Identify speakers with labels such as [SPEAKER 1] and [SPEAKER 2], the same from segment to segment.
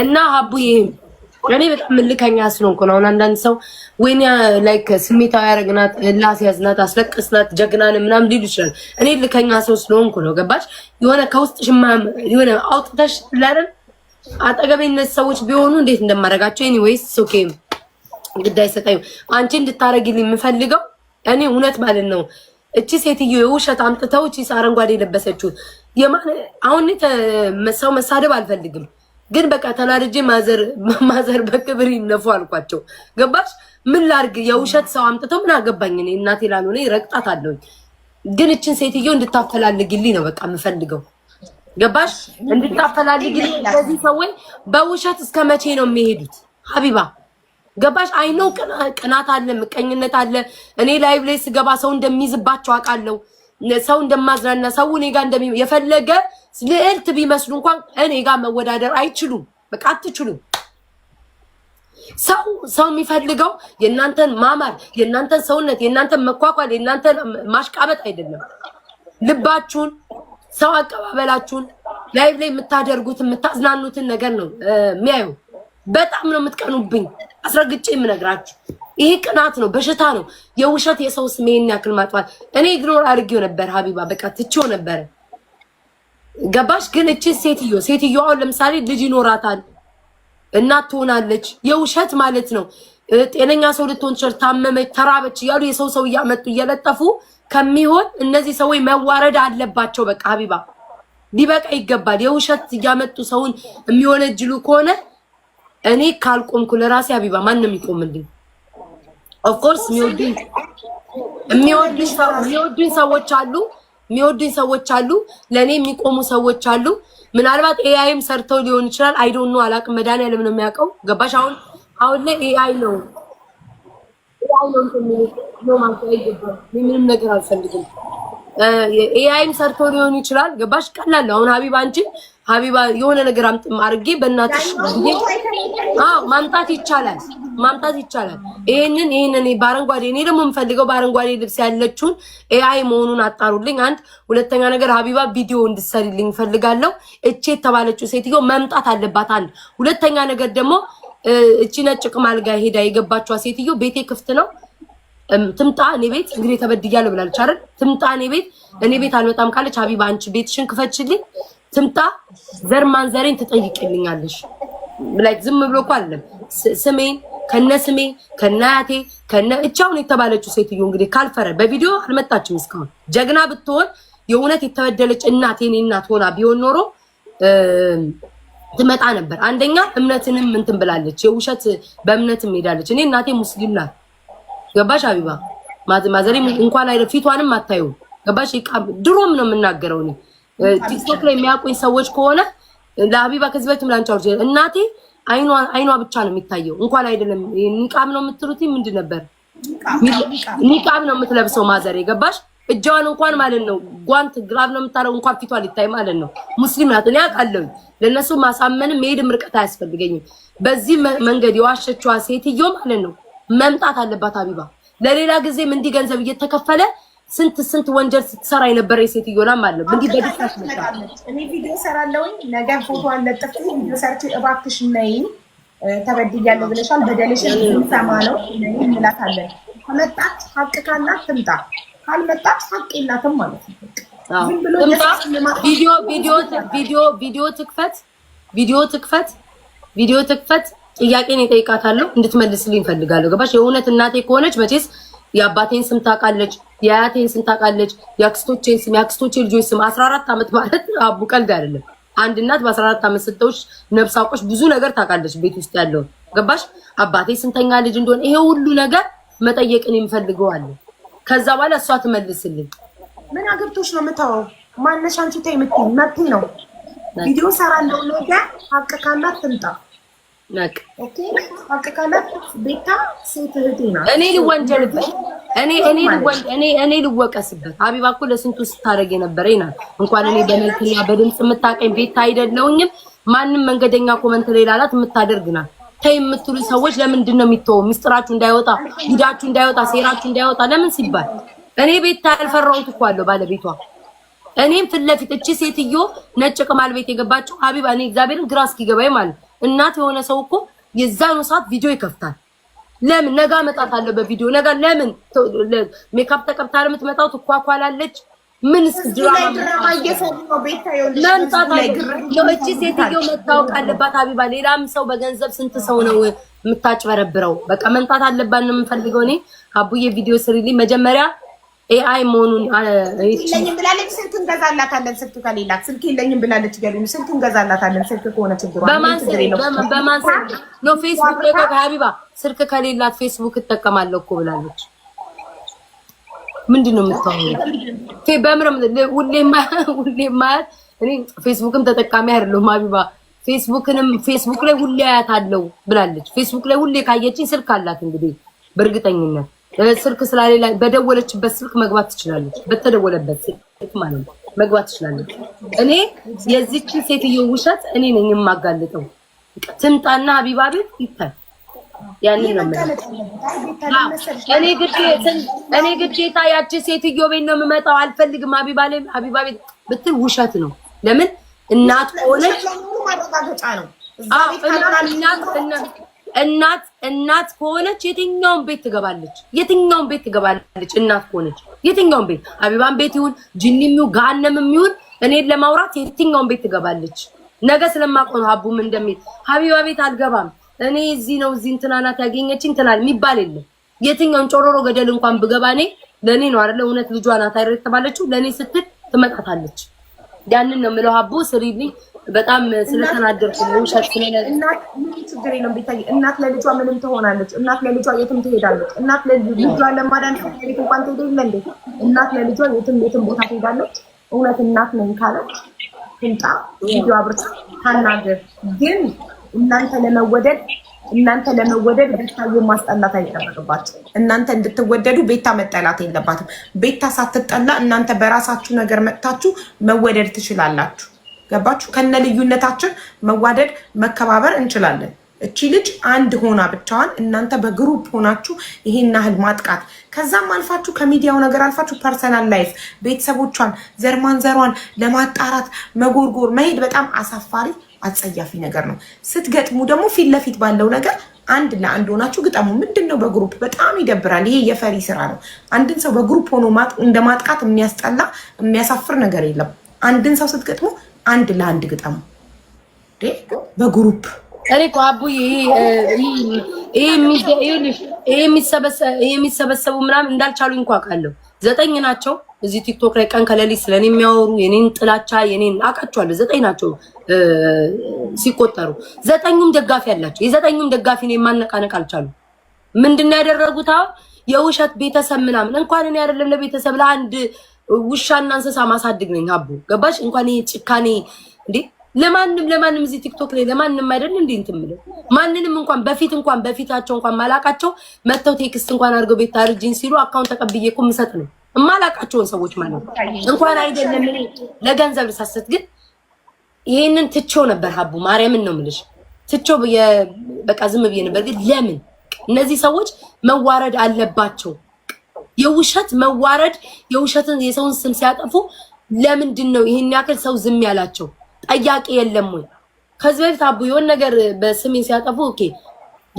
[SPEAKER 1] እና ሀቡ እኔ በጣም ምልከኛ ስለሆንኩ ነው። አሁን አንዳንድ ሰው ወይኔ ላይክ ስሜታዊ ያረግናት፣ ላስ ያዝናት አስለቀስናት፣ ጀግናን ምናምን ሊሉ ይችላል። እኔ ልከኛ ሰው ስለሆንኩ ነው። ገባች? የሆነ ከውስጥሽ የሆነ አውጥተሽ ላረን አጠገቤነት ሰዎች ቢሆኑ እንዴት እንደማደርጋቸው ኤኒዌይስ ኦኬ፣ ግዳይ ሰጠኝ። አንቺ እንድታረጊልኝ የምፈልገው እኔ እውነት ማለት ነው እቺ ሴትዮ የውሸት አምጥተው እቺ አረንጓዴ የለበሰችው የማን አሁን ሰው መሳደብ አልፈልግም ግን በቃ ተናድጄ ማዘር ማዘር በክብር ይነፉ አልኳቸው። ገባሽ? ምን ላርግ? የውሸት ሰው አምጥተው ምን አገባኝ እኔ እናቴ ላልሆነ ረግጣት አለሁኝ። ግን እችን ሴትዮ እንድታፈላልግልኝ ነው በቃ የምፈልገው። ገባሽ? እንድታፈላልግልኝ። እነዚህ ሰዎች በውሸት እስከ መቼ ነው የሚሄዱት? ሀቢባ ገባሽ? አይነው ቅናት አለ፣ ምቀኝነት አለ። እኔ ላይቭ ላይ ስገባ ሰው እንደሚይዝባቸው አውቃለሁ። ሰው እንደማዝናና ሰው እኔ ጋር እንደሚ የፈለገ ልዕልት ቢመስሉ እንኳን እኔ ጋር መወዳደር አይችሉም። በቃ አትችሉም። ሰው ሰው የሚፈልገው የእናንተን ማማር፣ የእናንተን ሰውነት፣ የእናንተን መኳኳል፣ የእናንተን ማሽቃበጥ አይደለም። ልባችሁን፣ ሰው አቀባበላችሁን፣ ላይቭ ላይ የምታደርጉት የምታዝናኑትን ነገር ነው የሚያዩ። በጣም ነው የምትቀኑብኝ፣ አስረግጬ የምነግራችሁ። ይሄ ቅናት ነው፣ በሽታ ነው። የውሸት የሰው ስም ይሄን ያክል ማጥፋት እኔ ኢግኖር አድርጌው ነበር። ሀቢባ በቃ ትቼው ነበር ገባሽ? ግን እችን ሴትዮ ሴትዮዋ ለምሳሌ ልጅ ይኖራታል፣ እናት ትሆናለች። የውሸት ማለት ነው። ጤነኛ ሰው ልትሆን ትችላለች፣ ታመመች፣ ተራበች እያሉ የሰው ሰው እያመጡ እየለጠፉ ከሚሆን እነዚህ ሰዎች መዋረድ አለባቸው። በቃ ሀቢባ ሊበቃ ይገባል። የውሸት እያመጡ ሰውን የሚወነጅሉ ከሆነ እኔ ካልቆምኩ ለራሴ ሀቢባ ማን ነው የሚቆምልኝ? ኦፍኮርስ oh, የሚወዱኝ ሰዎች አሉ፣ የሚወዱኝ ሰዎች አሉ፣ ለእኔ የሚቆሙ ሰዎች አሉ። ምናልባት ኤአይም ሰርተው ሊሆን ይችላል። አይዶን ነው አላውቅም። መድኃኒዓለም ነው የሚያውቀው። ገባሽ? አሁን አሁን ላይ ኤአይ ነው
[SPEAKER 2] ምንም ነገር አልፈልግም።
[SPEAKER 1] ኤአይም ሰርተው ሊሆን ይችላል። ገባሽ? ቀላል አሁን ሀቢባ አንቺ ሀቢባ የሆነ ነገር አምጥ አድርጌ በእናትሽ ማምጣት ይቻላል። ማምጣት ይቻላል። ይሄንን ይሄንን በአረንጓዴ እኔ ደግሞ የምፈልገው በአረንጓዴ ልብስ ያለችውን ኤአይ መሆኑን አጣሩልኝ። አንድ ሁለተኛ ነገር ሀቢባ ቪዲዮ እንድሰሪልኝ ፈልጋለሁ። እቼ የተባለችው ሴትዮ መምጣት አለባት። አንድ ሁለተኛ ነገር ደግሞ እቺ ነጭ ቅማል ጋር ሄዳ የገባችዋ ሴትዮ ቤቴ ክፍት ነው ትምጣ እኔ ቤት እንግዲህ ተበድያለሁ ብላለች አይደል? ትምጣ እኔ ቤት እኔ ቤት አልመጣም ካለች ሀቢባ አንቺ ቤትሽን ክፈችልኝ፣ ትምጣ ዘር ማንዘሬን ትጠይቅልኛለሽ። ላይክ ዝም ብሎ እኮ አለም ስሜን ከነ ስሜ ከነ አያቴ ከነ እቻውን የተባለችው ሴትዮ እንግዲህ ካልፈረ በቪዲዮ አልመጣችም እስካሁን። ጀግና ብትሆን የእውነት የተበደለች እናት የኔ እናት ሆና ቢሆን ኖሮ ትመጣ ነበር። አንደኛ እምነትንም እንትን ብላለች፣ የውሸት በእምነትም ሄዳለች። እኔ እናቴ ሙስሊም ናት። ገባሽ አቢባ ማዘሬ እንኳን አይደ ፊቷንም አታዩም። ገባሽ ድሮም ነው የምናገረው። ቲክቶክ ላይ የሚያውቁኝ ሰዎች ከሆነ ለአቢባ ከዚህ በፊት እናቴ አይኗ ብቻ ነው የሚታየው። እንኳን አይደለም ኒቃብ ነው የምትሉት ምንድን ነበር? ኒቃብ ነው የምትለብሰው ማዘር የገባሽ እጃዋን እንኳን ማለት ነው ጓንት ግራብ ነው የምታረው እንኳን ፊቷ ሊታይ ማለት ነው። ሙስሊም ናት እኔ አውቃለሁ። ለእነሱ ማሳመንም መሄድም ርቀት አያስፈልገኝም። በዚህ መንገድ የዋሸችዋ ሴትዮ ማለት ነው መምጣት አለባት አቢባ። ለሌላ ጊዜም እንዲህ ገንዘብ እየተከፈለ ስንት ስንት ወንጀል ስትሰራ የነበረ የሴትዮ ላም አለ
[SPEAKER 2] እንዲህ በዲስታሽ እኔ ቪዲዮ ሰራለውኝ ነገ ፎቶ አለጠፍ ቪዲዮ ሰርች እባክሽ ነይን ተበድያለሁ ብለሻል በደልሽን ሰማ ነው እንላታለን። ከመጣች ሀቅ ካላት ትምጣ፣ ካልመጣች ሀቅ የላትም ማለት ነው።
[SPEAKER 1] ቪዲዮ ትክፈት፣ ቪዲዮ ትክፈት፣ ቪዲዮ ትክፈት። ጥያቄን የጠይቃታለሁ እንድትመልስልኝ ፈልጋለሁ። ገባሽ? የእውነት እናቴ ከሆነች መቼስ የአባቴን ስም ታውቃለች፣ የአያቴን ስም ታውቃለች፣ የአክስቶቼን ስም፣ የአክስቶቼ ልጆች ስም። አስራ አራት ዓመት ማለት አቡ ቀልድ አይደለም። አንድ እናት በአስራ አራት ዓመት ስትተውሽ ነብስ አውቆሽ ብዙ ነገር ታውቃለች፣ ቤት ውስጥ ያለው ገባሽ። አባቴ ስንተኛ ልጅ እንደሆነ ይሄ ሁሉ ነገር መጠየቅን የምፈልገው አለ። ከዛ በኋላ እሷ ትመልስልኝ።
[SPEAKER 2] ምን አገብቶች ነው የምታወው? ማነሻንቹ ተይ የምትይኝ መብቴ ነው። ቪዲዮ ሰራ እንደሆነ ሀቅ ካላት ትምጣ ቤታ ሴት እህቴ ናት።
[SPEAKER 1] እኔ ልወንጀልበት፣ እኔ ልወቀስበት። ሀቢባ እኮ ለስንቱ ስታደርግ የነበረ ናት። እንኳን እኔ በመልክና በድምፅ የምታቀኝ ቤታ አይደለውኝም። ማንም መንገደኛ ኮመንት ላይ ላላት የምታደርግ ተይ የምትሉ ሰዎች ለምንድን ነው የሚተወው? ሚስጥራችሁ እንዳይወጣ፣ ጉዳችሁ እንዳይወጣ፣ ሴራችሁ እንዳይወጣ ለምን ሲባል እኔ ቤታ ያልፈራሁት እኮ አለው ባለቤቷ እኔም ፊት ለፊት እቺ ሴትዮ ነጭ ቅማል ቤት የገባቸው ሀቢባ እኔ እግዚአብሔርን ግራ እስኪገባኝ ማለት እናት የሆነ ሰው እኮ የዛኑ ሰዓት ቪዲዮ ይከፍታል። ለምን ነጋ መጣት አለው በቪዲዮ ነጋ። ለምን ሜካፕ ተቀብታ የምትመጣው ትኳኳላለች። ምን እስኪ
[SPEAKER 2] ድራማ እቺ
[SPEAKER 1] ሴትዮ መታወቅ አለባት። አቢባ ሌላም ሰው በገንዘብ ስንት ሰው ነው የምታጭበረብረው? በቃ መምጣት አለባት ነው የምፈልገው እኔ። አቡዬ ቪዲዮ ስሪልኝ መጀመሪያ ኤአይ መሆኑን
[SPEAKER 2] የለኝም ብላለች። ስልክ እንገዛላታለን። ስልክ ከሌላት ስልክ የለኝም ብላለች። ገሪም ስልክ እንገዛላታለን። ስልክ ከሆነ ችግሯ
[SPEAKER 1] በማን ስልክ ነው? ፌስቡክ ነው። ሀቢባ ስልክ ከሌላት ፌስቡክ እጠቀማለሁ እኮ ብላለች። ምንድን ነው የምታወ በምረም ሁሌ ማያት እኔ ፌስቡክም ተጠቃሚ አይደለሁም ሀቢባ ፌስቡክንም ፌስቡክ ላይ ሁሌ አያት አለው ብላለች። ፌስቡክ ላይ ሁሌ ካየችኝ ስልክ አላት እንግዲህ በእርግጠኝነት ስልክ ስለሌላ በደወለችበት ስልክ መግባት ትችላለች። በተደወለበት ስልክ ማለት ነው መግባት ትችላለች። እኔ የዚችን ሴትዮ ውሸት እኔ ነኝ የማጋልጠው። ትምጣና ሀቢባ ቤት ይታይ። ያንን ነው እኔ ግዴታ እኔ ያቺ ሴትዮ ቤት ነው የምመጣው። አልፈልግም ሀቢባ ሀቢባ ቤት ብትል ውሸት ነው። ለምን እናት ሆነች ማረጋገጫ ነው እናት እናት ከሆነች የትኛውን ቤት ትገባለች? የትኛውን ቤት ትገባለች? እናት ከሆነች የትኛውን ቤት አቢባን ቤት ይሁን ጅኒሚው ጋነም ይሁን እኔን ለማውራት የትኛውን ቤት ትገባለች? ነገ ስለማቆ ነው አቡም እንደሚል ሀቢባ ቤት አልገባም እኔ እዚህ ነው እዚህ እንትና ናት እንትናል የሚባል የለም። የትኛውን ጮሮሮ ገደል እንኳን ብገባ እኔ ለእኔ ነው አይደለ? እውነት ልጇ ናት አይደል የተባለችው ለእኔ ስትል ትመጣታለች። ያንን ነው የምለው ሀቡ ስሪልኝ በጣም ስለተናደርኩ ነው። ውሸት
[SPEAKER 2] እናት ምን ችግር የለም ቤታዬ። እናት ለልጇ ምንም ትሆናለች። እናት ለልጇ የትም ትሄዳለች። እናት ልጇ ለማዳን ቤት እንኳን ትሄደ የለ እንዴ! እናት ለልጇ የትም የትም ቦታ ትሄዳለች። እውነት እናት ነኝ ካለች ትምጣ፣ ቪዲዮ አብርታ ታናገር። ግን እናንተ ለመወደድ እናንተ ለመወደድ ቤታዬ ማስጠላት አይጠበቅባቸው።
[SPEAKER 1] እናንተ እንድትወደዱ ቤታ መጠላት የለባትም። ቤታ ሳትጠላ እናንተ በራሳችሁ ነገር መጥታችሁ መወደድ ትችላላችሁ። ገባችሁ? ከነ ልዩነታችን መዋደድ መከባበር እንችላለን። እቺ ልጅ አንድ ሆና ብቻዋን እናንተ በግሩፕ ሆናችሁ ይሄን ያህል ማጥቃት፣ ከዛም አልፋችሁ ከሚዲያው ነገር አልፋችሁ ፐርሰናል ላይፍ ቤተሰቦቿን፣ ዘርማን ዘሯን ለማጣራት መጎርጎር መሄድ በጣም አሳፋሪ አጸያፊ ነገር ነው። ስትገጥሙ ደግሞ ፊት ለፊት ባለው ነገር አንድ ለአንድ ሆናችሁ ግጠሙ። ምንድን ነው በግሩፕ በጣም ይደብራል። ይሄ የፈሪ ስራ ነው። አንድን ሰው በግሩፕ ሆኖ እንደ ማጥቃት የሚያስጠላ የሚያሳፍር ነገር የለም። አንድን ሰው ስትገጥሙ አንድ ለአንድ ግጠሙ በግሩፕ እኔ እኮ አቡዬ የሚሰበሰቡ ምናምን እንዳልቻሉ እንኳ አውቃለሁ። ዘጠኝ ናቸው እዚህ ቲክቶክ ላይ ቀን ከሌሊት ስለኔ የሚያወሩ የኔን ጥላቻ የኔን አውቃቸዋለሁ። ዘጠኝ ናቸው ሲቆጠሩ፣ ዘጠኙም ደጋፊ አላቸው። የዘጠኙም ደጋፊ እኔን ማነቃነቅ አልቻሉ። ምንድን ነው ያደረጉት? የውሸት ቤተሰብ ምናምን እንኳን እኔ አይደለም ለቤተሰብ ለአንድ ውሻና እንስሳ ማሳድግ ነኝ። አቦ ገባሽ? እንኳን ይሄ ጭካኔ እንዴ ለማንም ለማንም እዚህ ቲክቶክ ላይ ለማንም አይደል እንዴ እንትን የምለው ማንንም እንኳን በፊት እንኳን በፊታቸው እንኳን ማላቃቸው መተው ቴክስት እንኳን አድርገው ቤት ታርጂን ሲሉ አካውንት ተቀብዬ እኮ የምሰጥ ነው የማላቃቸውን ሰዎች ማለት እንኳን አይደለም እኔ ለገንዘብ ልሳሰት ግን ይሄንን ትቼው ነበር። ሀቡ ማርያምን ነው የምልሽ ትቼው በቃ ዝም ብዬ ነበር። ግን ለምን እነዚህ ሰዎች መዋረድ አለባቸው? የውሸት መዋረድ፣ የውሸትን የሰውን ስም ሲያጠፉ ለምንድን ነው ይህን ያክል ሰው ዝም ያላቸው? ጠያቄ የለም ወይ? ከዚህ በፊት አቡ የሆን ነገር በስሜ ሲያጠፉ ኦኬ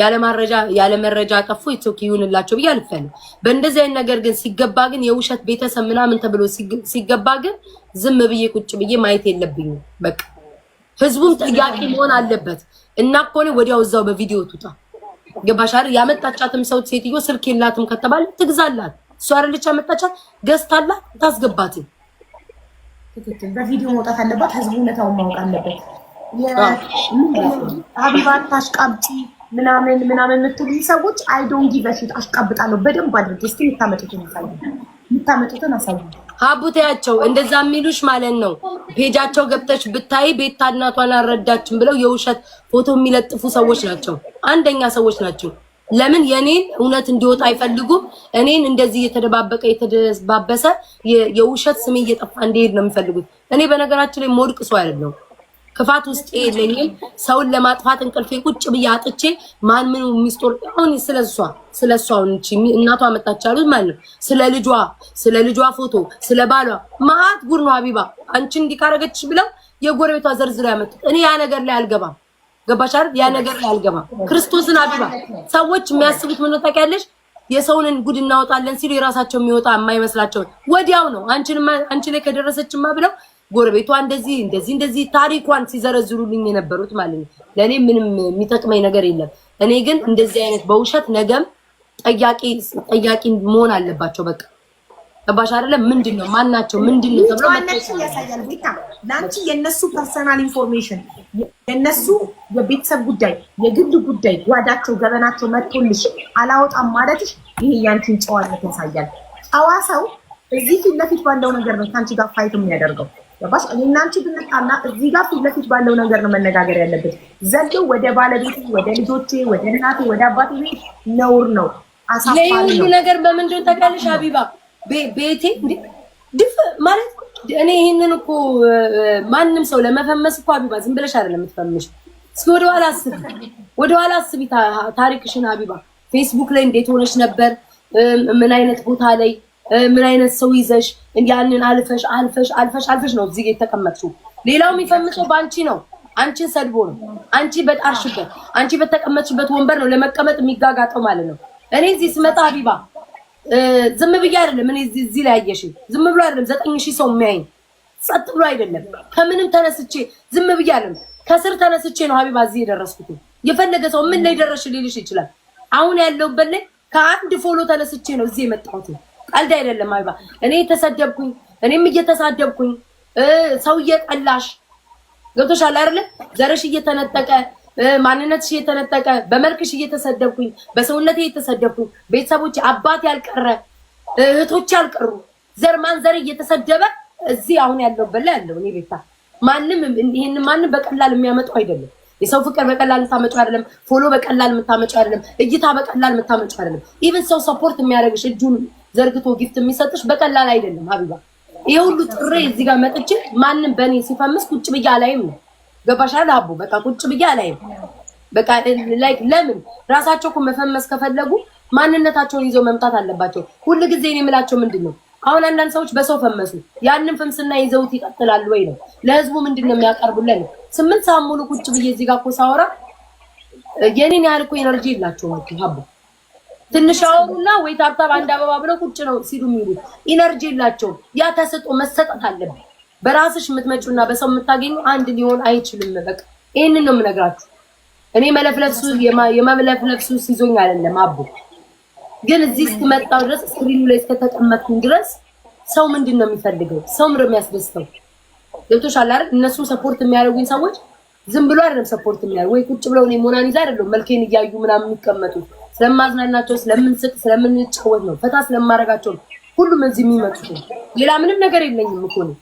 [SPEAKER 1] ያለማረጃ ያለመረጃ ጠፉ ኢትዮክ ይሁንላቸው ብዬ አልፈለሁ። በእንደዚህ አይነት ነገር ግን ሲገባ ግን የውሸት ቤተሰብ ምናምን ተብሎ ሲገባ ግን ዝም ብዬ ቁጭ ብዬ ማየት የለብኝም። በቃ ህዝቡም ጥያቄ መሆን አለበት እና ከሆነ ወዲያው እዛው በቪዲዮ ትውጣ። ገባሻር አይደል? ያመጣቻትም ሰው ሴትዮ ስልክ የላትም ከተባለ ትግዛላት። እሷ አይደለች ያመጣቻት ገዝታላ ታስገባት።
[SPEAKER 2] ትክክል። በቪዲዮ መውጣት አለባት። ህዝቡ እውነታውን ማወቅ አለበት። ሀቢባት ታሽቃብጪ ምናምን ምናምን የምትሉ ሰዎች አይ ዶን ጊቭ አ ሺት አሽቃብጣለሁ። በደንብ አድርጌ እስኪ የምታመጡትን አሳዩ፣ የምታመጡትን አሳዩ።
[SPEAKER 1] ሀቡ እንደዛ የሚሉሽ ማለት ነው። ፔጃቸው ገብተሽ ብታይ ቤታ እናቷን አልረዳችም ብለው የውሸት ፎቶ የሚለጥፉ ሰዎች ናቸው። አንደኛ ሰዎች ናቸው። ለምን የኔን እውነት እንዲወጣ አይፈልጉም? እኔን እንደዚህ እየተደባበቀ የተደባበሰ የውሸት ስም እየጠፋ እንዲሄድ ነው የሚፈልጉት። እኔ በነገራችን ላይ ሞድቅ ሰው አይደለሁም። ክፋት ውስጥ የለኝም። ሰውን ለማጥፋት እንቅልፌ ቁጭ ብዬ አጥቼ ማን ምን ሚስጥር አሁን ስለሷ ስለሷ እንቺ እናቷ መጣች አሉት ማለት ነው። ስለ ልጇ ስለ ልጇ ፎቶ ስለ ባሏ ማአት ጉር ነው። ሀቢባ አንቺ እንዲካረገች ብለው የጎረቤቷ ዘርዝሮ ያመጡት እኔ ያ ነገር ላይ አልገባም። ገባሽ አይደል? ያ ነገር ያልገባ ክርስቶስን አቢባ ሰዎች የሚያስቡት ምን ታውቂያለሽ? የሰውን ጉድ እናወጣለን ሲሉ የራሳቸው የሚወጣ የማይመስላቸውን ወዲያው ነው አንቺ ላይ ከደረሰችማ ብለው ጎረቤቷ እንደዚህ እንደዚህ እንደዚህ ታሪኳን ሲዘረዝሩልኝ የነበሩት ማለት ነው። ለእኔ ምንም የሚጠቅመኝ ነገር የለም። እኔ ግን እንደዚህ አይነት በውሸት ነገም ጠያቂ ጠያቂ መሆን አለባቸው በቃ ገባሽ አይደለም? ምንድን ነው ማናቸው? ምንድን ነው
[SPEAKER 2] ተብሎ ያሳያል። ቤታ ለአንቺ የእነሱ ፐርሰናል ኢንፎርሜሽን የእነሱ የቤተሰብ ጉዳይ፣ የግድ ጉዳይ፣ ጓዳቸው፣ ገበናቸው መጥቶልሽ አላወጣም ማለትሽ ይሄ ያንቺን ጨዋነት ያሳያል። ጨዋ ሰው እዚህ ፊት ለፊት ባለው ነገር ነው ከአንቺ ጋር ፋይት የሚያደርገው ገባሽ? እኔ ብንጣና እዚህ ጋር ፊት ለፊት ባለው ነገር ነው መነጋገር ያለበት። ዘሎ ወደ ባለቤቴ፣ ወደ ልጆቼ፣ ወደ እናቴ፣ ወደ አባቴ ነውር ነው፣
[SPEAKER 1] አሳፋሪ ነው። ለይሁሉ ነገር በምንድን ተቀልሽ አቢባ ቤቴ ድፍ ማለት እኔ ይህንን እኮ ማንም ሰው ለመፈመስ እኮ ሀቢባ ዝም ብለሽ አይደለም የምትፈምሽ። እስኪ ወደኋላ አስቢ፣ ወደኋላ አስቢ ታሪክሽን ፌስቡክ ላይ እንዴት ሆነሽ ነበር? ምን አይነት ቦታ ላይ ምን አይነት ሰው ይዘሽ ያንን አልፈሽ አልፈሽ አልፈሽ አልፈሽ ነው እዚህ የተቀመጥሽው። ሌላው የሚፈምሰው በአንቺ ነው። አንቺን ሰድቦ ነው። አንቺ በጣርሽበት፣ አንቺ በተቀመጥሽበት ወንበር ነው ለመቀመጥ የሚጋጋጠው ማለት ነው። እኔ እዚህ ስመጣ ሀቢባ ዝም ብዬ አይደለም እኔ እዚህ ላይ አየሽ፣ ዝም ብሎ አይደለም ዘጠኝ ሺህ ሰው የሚያይኝ ጸጥ ብሎ አይደለም። ከምንም ተነስቼ ዝም ብዬ አይደለም ከስር ተነስቼ ነው ሀቢባ እዚህ የደረስኩት። የፈለገ ሰው ምን ላይ ደረስሽ ሊልሽ ይችላል። አሁን ያለሁበት ላይ ከአንድ ፎሎ ተነስቼ ነው እዚህ የመጣሁት። ቀልድ አይደለም ሀቢባ። እኔ የተሰደብኩኝ እኔም እየተሳደብኩኝ ሰው እየጠላሽ ገብቶሻል አይደለ? ዘርሽ እየተነጠቀ ማንነትሽ የተነጠቀ በመልክሽ እየተሰደብኩኝ በሰውነቴ እየተሰደብኩኝ ቤተሰቦች አባት ያልቀረ እህቶች ያልቀሩ ዘር ማንዘር እየተሰደበ እዚህ አሁን ያለው በላ ያለው እኔ ቤታ ማንም ይህን ማንም በቀላል የሚያመጡ አይደለም። የሰው ፍቅር በቀላል የምታመጩ አይደለም። ፎሎ በቀላል የምታመጩ አይደለም። እይታ በቀላል የምታመጩ አይደለም። ኢቨን ሰው ሰፖርት የሚያደርግሽ እጁን ዘርግቶ ጊፍት የሚሰጥሽ በቀላል አይደለም። ሀቢባ ይሄ ሁሉ ጥሬ እዚህ ጋር መጥቼ ማንም በእኔ ሲፈምስ ቁጭ ብያ ላይም ነው ገባሻል? አቡ በቃ ቁጭ ብዬ አላይም። በቃ ላይክ ለምን ራሳቸው እኮ መፈመስ ከፈለጉ ማንነታቸውን ይዘው መምጣት አለባቸው። ሁል ጊዜ እኔ የምላቸው ምንድን ነው አሁን አንዳንድ ሰዎች በሰው ፈመሱ። ያንን ፍምስና ይዘውት ይቀጥላሉ ወይ ነው ለህዝቡ ምንድን ነው የሚያቀርቡለን? ስምንት ሰዓት ሙሉ ቁጭ ብዬ እዚህ ጋር እኮ ሳወራ የኔን ያህል እኮ ኤነርጂ የላቸውም። ወኪ ሀቡ ትንሽ አወሩና ወይ ታብታብ አንድ አበባ ብለው ቁጭ ነው ሲሉ የሚሉት ኤነርጂ የላቸውም። ያ ተሰጦ መሰጠት አለብን። በራስሽ የምትመጪው እና በሰው የምታገኙ አንድ ሊሆን አይችልም። በቃ ይህንን ነው የምነግራችሁ። እኔ መለፍለፍሱ የመለፍለፍሱ ይዞኝ አይደለም አቦ ግን እዚህ እስክመጣው ድረስ ስክሪኑ ላይ እስከተቀመጥኩኝ ድረስ ሰው ምንድን ነው የሚፈልገው? ሰው ምንድን ነው የሚያስደስተው? ገብቶሻል አይደል? እነሱ ሰፖርት የሚያደርጉኝ ሰዎች ዝም ብሎ አይደለም ሰፖርት የሚያደርጉ ወይ ቁጭ ብለው እኔ ሞናን ይዛ አይደለም መልኬን እያዩ ምናምን የሚቀመጡ ስለማዝናናቸው፣ ስለምንስቅ፣ ስለምንጫወት ነው ፈታ ስለማረጋቸው ሁሉም እዚህ የሚመጡት ሌላ ምንም ነገር የለኝም እኮ ነው።